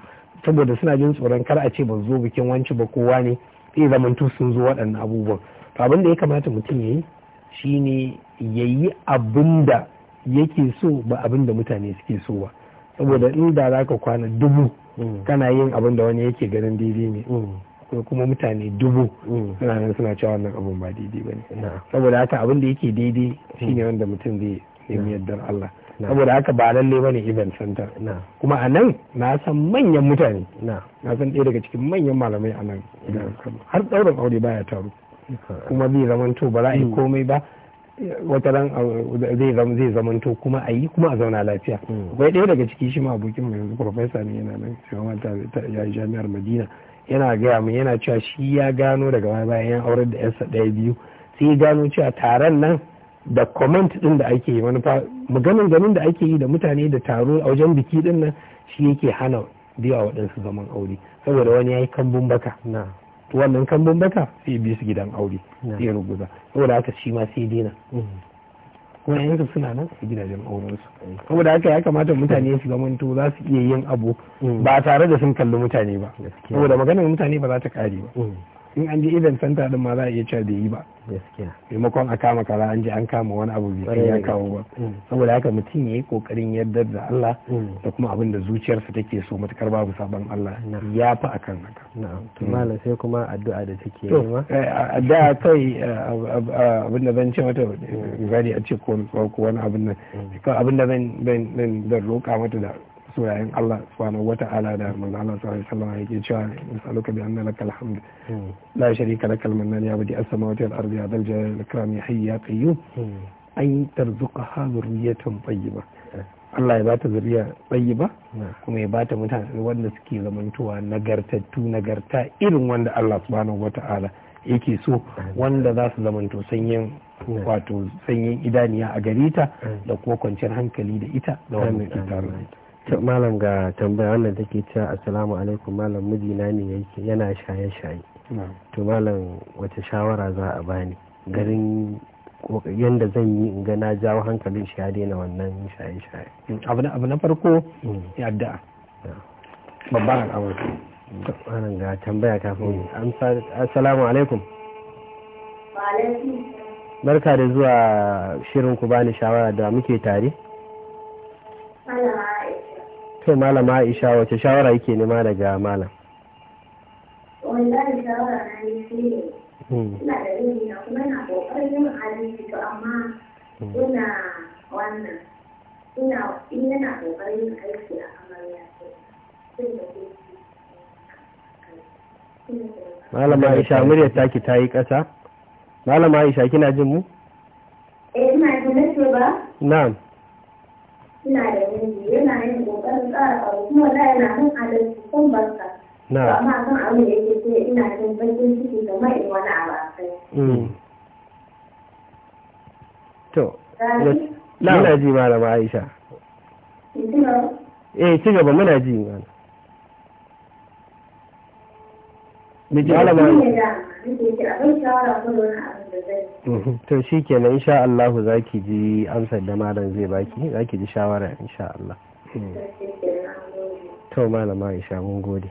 saboda suna jin tsoron kar a ce ba zo bikin wanci ba kowa ne zai zamantu sun zo waɗannan abubuwan to abin da ya kamata mutum ya yi shine ya yi abin da yake so ba abin da mutane suke so ba saboda inda za ka kwana dubu mm. kana yin abin da wani yake ganin daidai ne mm. akwai kuma mutane dubu hmm. suna nan suna cewa wannan abun ba daidai ba ne saboda haka abin da yake daidai shine hmm. wanda mutum zai nemi yardar Allah saboda haka ba lalle ba ne event center kuma a nan na san manyan mutane na san ɗaya daga cikin manyan malamai a nan har ɗaurin aure baya taro kuma zai zamanto ba za a yi hmm. komai ba wata ran uh, zai zama zai zamanto kuma a yi kuma a zauna lafiya akwai ɗaya daga ciki shi ma abokin mai yanzu professor ne yana nan shi ma ta yi jami'ar Madina yana gaya min yana cewa shi ya gano daga bayan aurar da yansa daya biyu sai ya gano cewa taron nan da comment din da ake yi manufa maganin ganin da ake yi da mutane da taro a wajen biki din nan shi yake hana biya waɗansu zaman aure saboda wani ya yi kambun baka to wannan kambun baka sai bi su gidan aure sai ruguza saboda haka shi ma sai dina mm-hmm. kuma yanzu suna nan a gidajen aurensu saboda haka ya kamata mutane su zamanto za su iya yin abu mm. ba tare da sun kalli mutane ba saboda maganar mutane ba za ta kare ba mm. in an ji idan santa din ma za a iya cewa bai yi ba maimakon a kama kaza an ji an kama wani abu bai kai ya kawo ba mm. saboda haka mutum ya yi kokarin yadda da Allah mm. da kuma abin da zuciyarsa take so matukar babu sabon Allah ya fi kan haka to sai kuma addu'a da take yi ma addu'a kai eh, abin da zan ce mata eh, gani a ce ko wani abin nan mm. abin da zan roƙa mata da soyayen Allah subhanahu wa ta'ala da manzo Allah sallallahu alaihi wasallam yake cewa nasaluka bi anna lakal hamd hmm. la sharika lakal mannan ya badi as-samawati wal ardi adal dal jalali wal ikram ya hayy ya qayyum hmm. an tarzuqaha zurriyatan tayyiba eh. Allah ya bata zuriya tayyiba hmm. kuma ya bata mutane wanda suke zamantowa nagartattu nagarta irin wanda Allah subhanahu wa ta'ala yake so wanda za su zamanto sanyin wato sanyin idaniya a gareta da kuma kwanciyar hankali da ita da wannan ita malam ga tambaya wannan take cewa assalamu alaikum malam mijina ne yake yana shaye-shaye to malam wace shawara za a bani garin yadda zan yi in ga na jawo hankalin shi ya daina wannan shaye-shaye mm, abu na farko mm. ya da babban al'amur mm. malam ga tambaya kafin amsa assalamu alaikum barka da zuwa shirin ku bani shawara da muke tare to malama Aisha wace shawara yake nema daga malam hmm. da kuma ina hmm. Malama Aisha muryar taki ta yi ƙasa. Malama Aisha kina jin mu? Eh ina jin ba? Na'am. Ina da yana yin kuma da yana nan adalci kun barka na amma kan abin da yake so ina jin bakin ciki kamar in wani abu a kai to muna ji malama Aisha eh ci gaba muna ji mana Biji malama To shi kenan insha Allah za ki ji amsar da malam zai baki za ki ji shawara insha Allah. to malama isha mun gode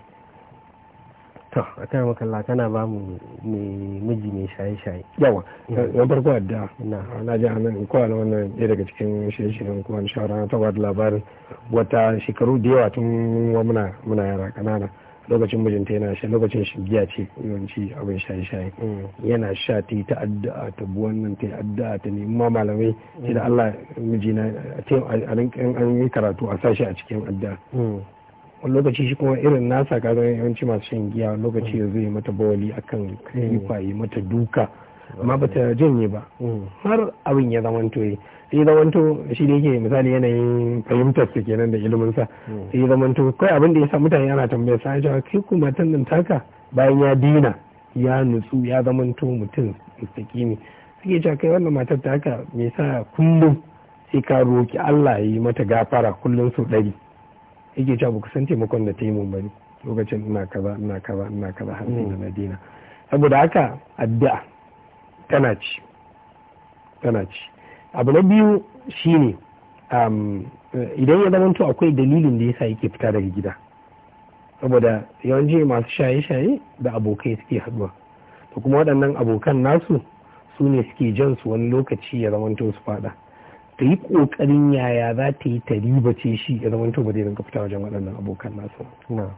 to a kan makalla kana ba mu miji mai shaye-shaye yawa na farko adda na ji hannun kowane wannan ɗaya daga cikin shirye-shiryen kowane shawara na tabar labarin wata shekaru da yawa tun muna muna yara kanana lokacin mijinta yana sha lokacin shigiya ce yawanci abin shaye-shaye mm. yana sha ta yi addu'a ta bu wannan ta yi addu'a ta nemi ma malamai ce da mm. Allah mijina a an yi karatu a sashi a cikin addu'a mm. wani lokaci shi kuma irin nasa kaga yawanci masu shan giya lokaci ya mm. zai mata bawali akan kan mm. yi mata duka amma ba ta mm. janye ba har abin ya zamanto yi sai zamanto shi da yake misali yanayin fahimtar su kenan da ilimin sa sai zamanto kai abin da ya sa mutane ana tambaya sa ya kai kuma tannan taka bayan ya dina ya nutsu ya zamanto mutum mustaqimi suke cewa kai wannan matar taka me sa kullum sai ka roki Allah ya yi mata gafara kullum sau ɗari yake cewa ba kusan taimakon da ta yi ne lokacin ina kaza ina kaza ina kaza har sai na madina mm. saboda haka addu'a tana ci tana ci abu na biyu shine um, idan ya zamanto akwai dalilin da yasa yake fita daga gida saboda yawanci masu shaye-shaye da abokai suke haɗuwa da kuma waɗannan abokan nasu su ne suke jan su wani lokaci ya zamanto su fada ta yi ƙoƙarin yaya za ta yi ta ribace shi ya zamanto ba zai rinka fita wajen waɗannan abokan nasu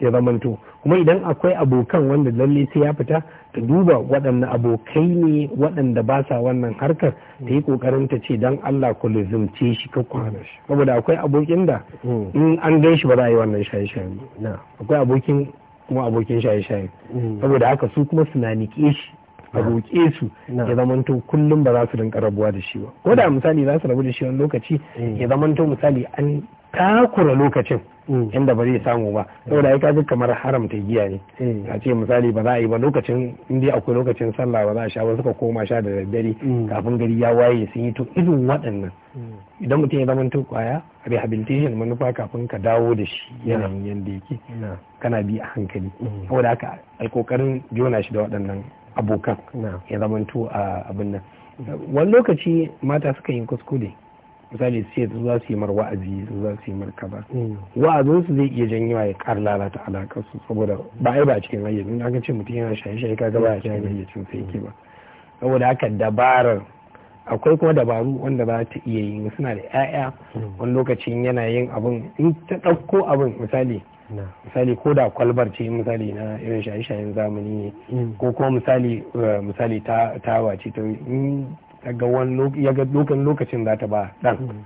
ya zama to kuma idan akwai abokan wanda lalle sai ya fita ta duba waɗannan abokai ne waɗanda ba sa wannan harkar ta yi ƙoƙarin ta ce don Allah ku lizumce shi ka kwana shi saboda akwai abokin da mm. in an gan shi ba za a yi wannan shaye-shaye akwai abokin kuma abokin shaye-shaye mm. saboda haka su kuma suna nike shi a roƙe su ya zamanto kullum ba za su rinka rabuwa da shi ba ko da mm. misali za su rabu da shi wani lokaci mm. ya zamanto misali an takura lokacin mm. inda ba zai samu ba saboda ya kaga kamar haramta giya ne a ce misali ba za a yi ba lokacin inda akwai lokacin sallah ba za a sha ba suka koma sha da daddare kafin gari ya waye sun yi to irin waɗannan idan mutum ya zama to kwaya rehabilitation manufa kafin ka dawo da shi yanayin yadda yake kana bi a hankali saboda haka ai kokarin jona shi da waɗannan abokan ya to a abin nan wani lokaci mata suka yi kuskure misali su ce su za su yi mar wa'azi su za su yi mar kaza mm. wa'azin su zai iya janyewa ya kar lalata alaƙar su saboda ba ai ba cikin hayyacin aka ce mutum yana shaye shaye kaga ba a cikin cin sai mm. ba saboda haka dabarar akwai kuma dabaru wanda za ta iya yi suna da 'ya'ya mm. wani lokacin yana yin abin in ta ɗauko abin misali misali ko da kwalbar ce misali na irin shaye-shayen zamani ne ko kuma misali eh, misali ta tawa ce ta ga wani ya ga dokan lokacin za ta ba dan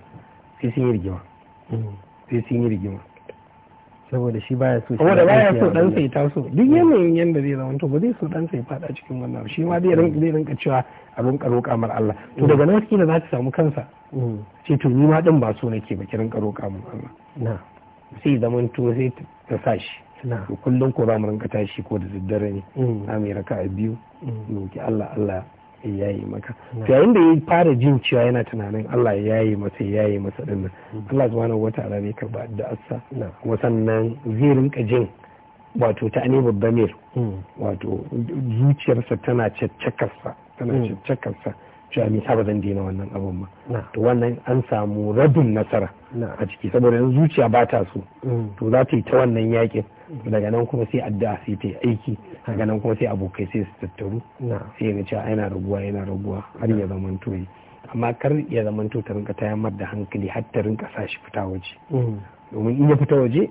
sai sun yi rigima sai sun yi rigima saboda shi baya so saboda baya so dan sai taso so duk yanayin yanda zai zama to ba zai so dan sai fada cikin wannan shi ma zai rinka zai rinka cewa a rinka roƙa mar Allah to daga nan kila za ta samu kansa ce mm. to ni ma din ba so nake ba ki rinka roƙa mun Allah na'am sai zaman sai ta sashi shi kullum ko za mu rinka tashi ko da daddare ne mm. za mu yi raka a biyu mm. roki Allah Allah ya yi maka yayin da ya fara jin cewa yana tunanin Allah ya yi masa ya yi masa din mm. Allah subhanahu wataala ne karba da assa kuma sannan zai rinka jin wato ta ne babba wato zuciyarsa tana caccakarsa tana caccakarsa jami me sa zan daina wannan abun ba to wannan an samu rabin nasara a ciki saboda yanzu zuciya ba ta so mm. to za ta yi ta wannan yakin daga nan kuma sai addu'a sai ta yi aiki daga nan kuma sai abokai sai su tattaru sai ga cewa yana raguwa yana raguwa har ya zama to amma kar ya zama to ta rinka tayar da hankali har ta rinka sa shi fita waje mm. domin in ya fita waje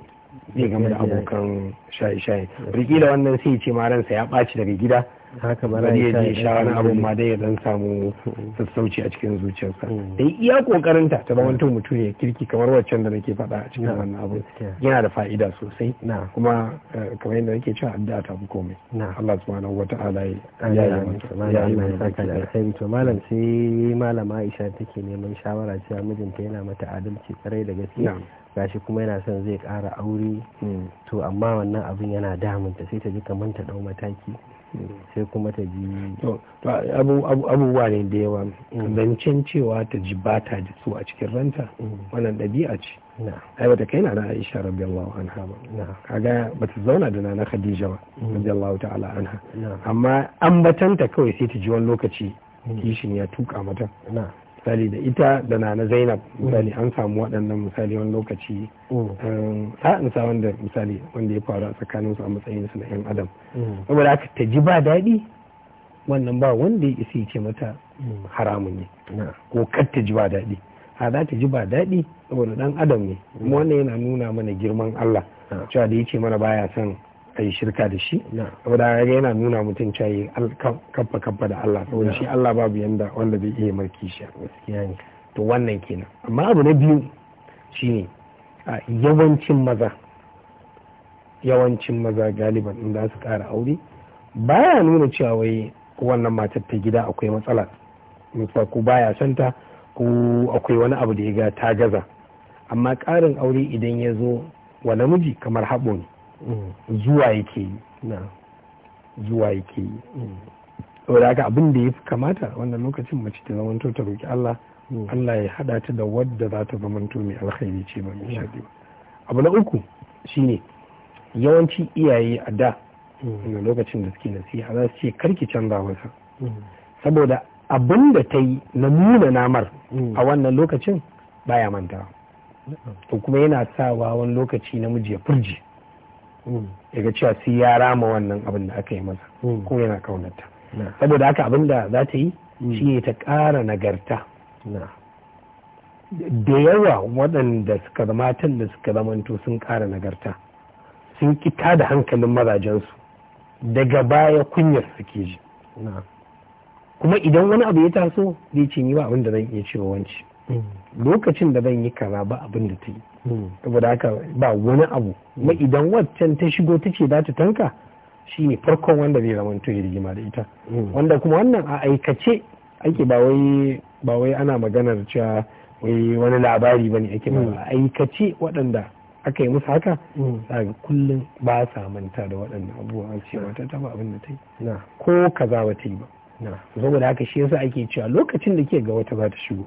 zai game da abokan shaye-shaye rikila wannan sai ce ma ransa ya ɓaci daga gida haka ba zai yi sha wani abun ma dai ya dan samu sassauci a cikin zuciyarsa da hmm. iya kokarin ta ta zamanto hmm. mutum ya kirki kamar waccan da nake faɗa a cikin wannan abu yana da fa'ida sosai kuma eh, kamar yadda nake cewa addu'a ta fi komai Allah subhanahu wata'ala ya yi masa ya yi masa da alkhairi to malam sai malama Aisha take neman shawara cewa mijinta yana mata adalci tsarai da gaskiya gashi kuma yana son zai ƙara aure hmm. to amma wannan abin yana damunta sai ta ji kamar ta ɗau mataki sai kuma ta ji abubuwa ne da yawa mm. zancen cewa ta ji ba ta ji su a cikin ranta mm. wannan ɗabi'a ce ai bata kai na Aisha radiyallahu anha ba kaga bata zauna da nana Khadija ba mm. radiyallahu ta'ala anha amma an batanta kawai sai ta ji wani lokaci kishin ya tuka mata misali da ita da na zainab misali an samu waɗannan misali wani lokaci mm. eh, sa'in sa wanda misali wanda ya faru a tsakanin su a matsayin su na yan adam mm. saboda aka ta ji ba daɗi wannan ba wanda ya isi ce mata mm. haramun ne ko kar ta ji ba daɗi a za ta ji ba daɗi saboda ɗan adam ne kuma wannan yana nuna mana girman Allah cewa da ya ce mana baya son a yi shirka da shi ya gaya yana nuna mutum cayi kafa kafa da Allah saboda shi Allah babu yanda wanda zai iya marki shi to wannan kenan amma abu na biyu shine yawancin maza yawancin maza galiban inda su kara aure baya nuna cewa wai wannan matar ta gida akwai matsala ko baya santa ko akwai wani abu da ya ga ta gaza amma ƙarin aure idan ya zo wa namiji kamar haɓo ne Mm. zuwa yake yi zuwa yake yi mm. saboda haka abin da ya fi kamata wannan lokacin mace ta zamanto ta roki Allah mm. Allah ya haɗa ta da wadda za ta zamanto mai alkhairi ce ba mai shaɗi ba abu na uku shine yawanci iyaye a da wannan lokacin da suke nasiha za su ce karki canza masa saboda abin da ta yi na nuna namar a wannan lokacin baya manta. to kuma yana sawa wani lokaci namiji ya furje ga cewa sai ya rama wannan abin da aka yi masa ko yana kaunarta saboda haka abin da za ta yi shi ne ta ƙara nagarta da yawa waɗanda suka zama matan da suka zamanto sun ƙara nagarta sun kita da hankalin mazajensu daga baya kunyar suke ji kuma idan wani abu ya taso zai ce ni ba abin da zan iya cewa wanci lokacin da zan yi kaza ba abin da ta yi saboda haka ba wani abu ma hmm. idan waccan ta shigo ta ce ta tanka shi ne farkon wanda zai zama to ya rigima da ita hmm. wanda kuma wannan a aikace ake ba wai ana maganar cewa wai wani labari ba ne ake ba hmm. a aikace waɗanda aka yi musu haka daga kullum ba sa manta da waɗannan abubuwa a cewa ta taba abin da ta yi ko kaza ba ta yi ba saboda haka shi yasa ake cewa lokacin da ke ga wata za ta shigo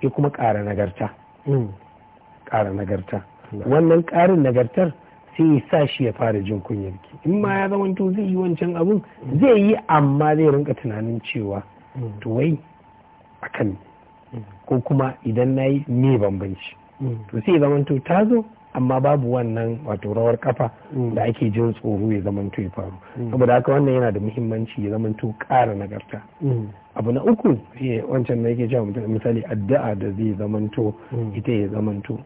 ke kuma ƙara nagarta ƙara nagarta wannan ƙarin nagartar sai sa shi ya fara jin kunyar ki in ma ya zamanto zai yi wancan abun zai yi amma zai rinka tunanin cewa mm. to wai akan mm. ko kuma idan nayi ne me bambanci mm. to sai ya zamanto ta zo amma babu wannan wato rawar kafa da ake jin tsoro ya to ya faru saboda haka wannan yana da muhimmanci ya to ƙara nagarta abu na uku wancan da yake cewa misali addu'a da zai zamanto ita ya zamanto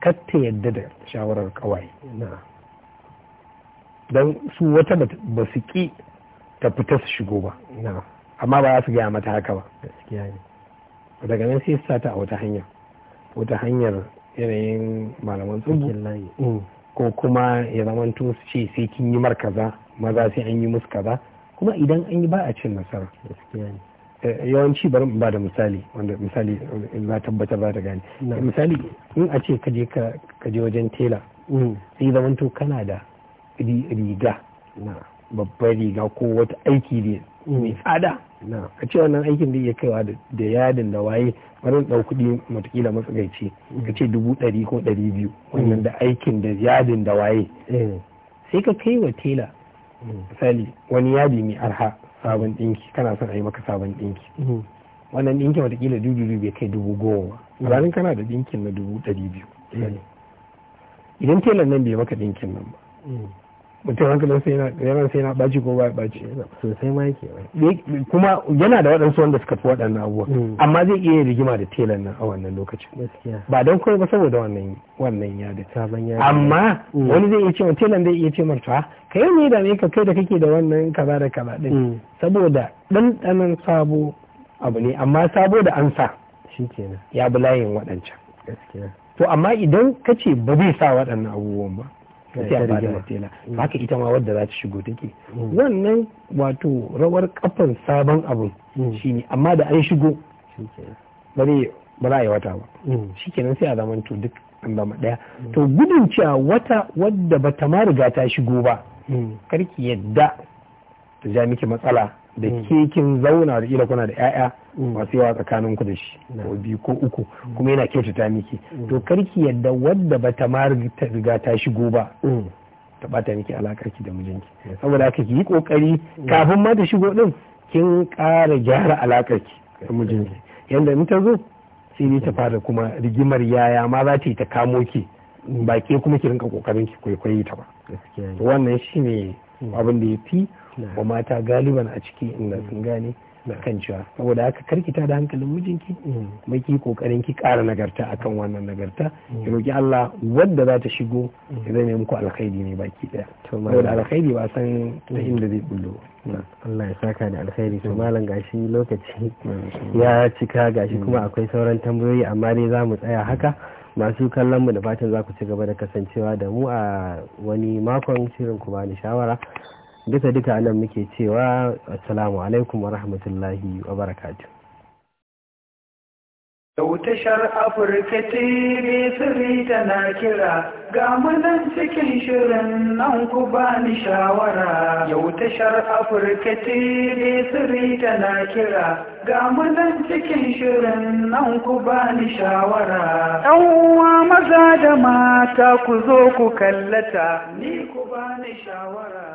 katta yadda da shawarar kawai don su wata ba su ki ta fita su shigo ba amma ba za su gaya mata haka ba daga nan sai sa ta a wata hanyar wata hanyar yanayin malaman layi mm. ko kuma ya zamanto su ce sai kin yi mar kaza maza sai an yi musu kaza kuma idan an yi ba a cin nasara Eh, yawanci bari ba da misali wanda misali na tabbatar ba da gani misali in a ce kaje ka je wajen tela hmm. sai zaman to kana da riga babbar riga ko wata aiki ne hmm. mai tsada a ce wannan aikin da iya kaiwa da yadin da waye wani ɗau kuɗi matakila matsagaici hmm. ka ce dubu ɗari ko ɗari biyu wannan da aikin da yadin da waye eh. sai ka kai wa tela misali wani yadi mai arha sabon ɗinki kana son a yi maka sabon ɗinki mm-hmm. wannan ɗinkin watakila dubu bai kai dubu goma ba ranar mm-hmm. kana da ɗinkin na dubu dari biyu mm-hmm. idan telan nan bai maka ɗinkin nan ba mutum hankalin sai yana sai yana baci ko baya baci sosai ma yake kuma yana da waɗansu wanda suka fi waɗannan abubuwa mm. amma zai iya rigima da telan nan a wannan lokacin ba don kawai ba saboda wannan wannan ya da sabon ya amma mm. wani zai iya cewa telan zai iya ce marta ah, ka yau ne da me ka kai da kake da wannan kaza da kaza din mm. saboda ɗanɗanon sabo abu ne amma sabo da an sa ya bi layin waɗancan to amma idan ka ce ba zai sa waɗannan abubuwan ba sai a mm. ita ma wadda za ta shigo take mm. wannan wato rawar kafan sabon abu mm. shine amma da an shigo ba za a yi wata ba shikenan sai a zaman to duk an zama daya to gudun cewa wata wadda ba ta ma riga ta shigo ba karki yadda ta ja miki matsala da kin zauna da ila kuna da 'ya'ya masu yawa tsakanin ku da shi ko biyu ko uku kuma yana kyautata miki mm. to karki yadda wadda ba ta ma riga ta shigo ba mm. ta bata miki alakar ki da mijinki saboda haka ki yi kokari mm. kafin ma ta shigo din kin ƙara gyara alakar ki da mijinki yanda in ta zo sai ni ta fara kuma rigimar yaya ma za ta yi ta kamo ki ba ke kuma ki rinka kokarin ki kwaikwayi ta ba wannan shine abin da ya fi wa mata galiban a ciki inda sun gane kan cewa saboda haka karkita da hankalin mijinki mai ki kokarin ki kara nagarta akan wannan nagarta ki roki Allah wanda za ta shigo ya zame muku alkhairi ne baki daya saboda alkhairi ba san ta inda zai bullo Allah ya saka da alkhairi to malam gashi lokaci ya cika gashi kuma akwai sauran tambayoyi amma dai za mu tsaya haka masu kallon mu da fatan za ku ci gaba da kasancewa da mu a wani makon shirin ku ni shawara duka duka anan muke cewa assalamu alaikum wa rahmatullahi wa barakatu Dautashar Afirka TV sirri tana kira ga munan cikin shirin nan ku ba ni shawara. Yautashar Afirka TV sirri tana kira ga munan cikin shirin nan ku ba ni shawara. Ɗanwa maza da mata ku zo ku kallata, ni ku ba ni shawara.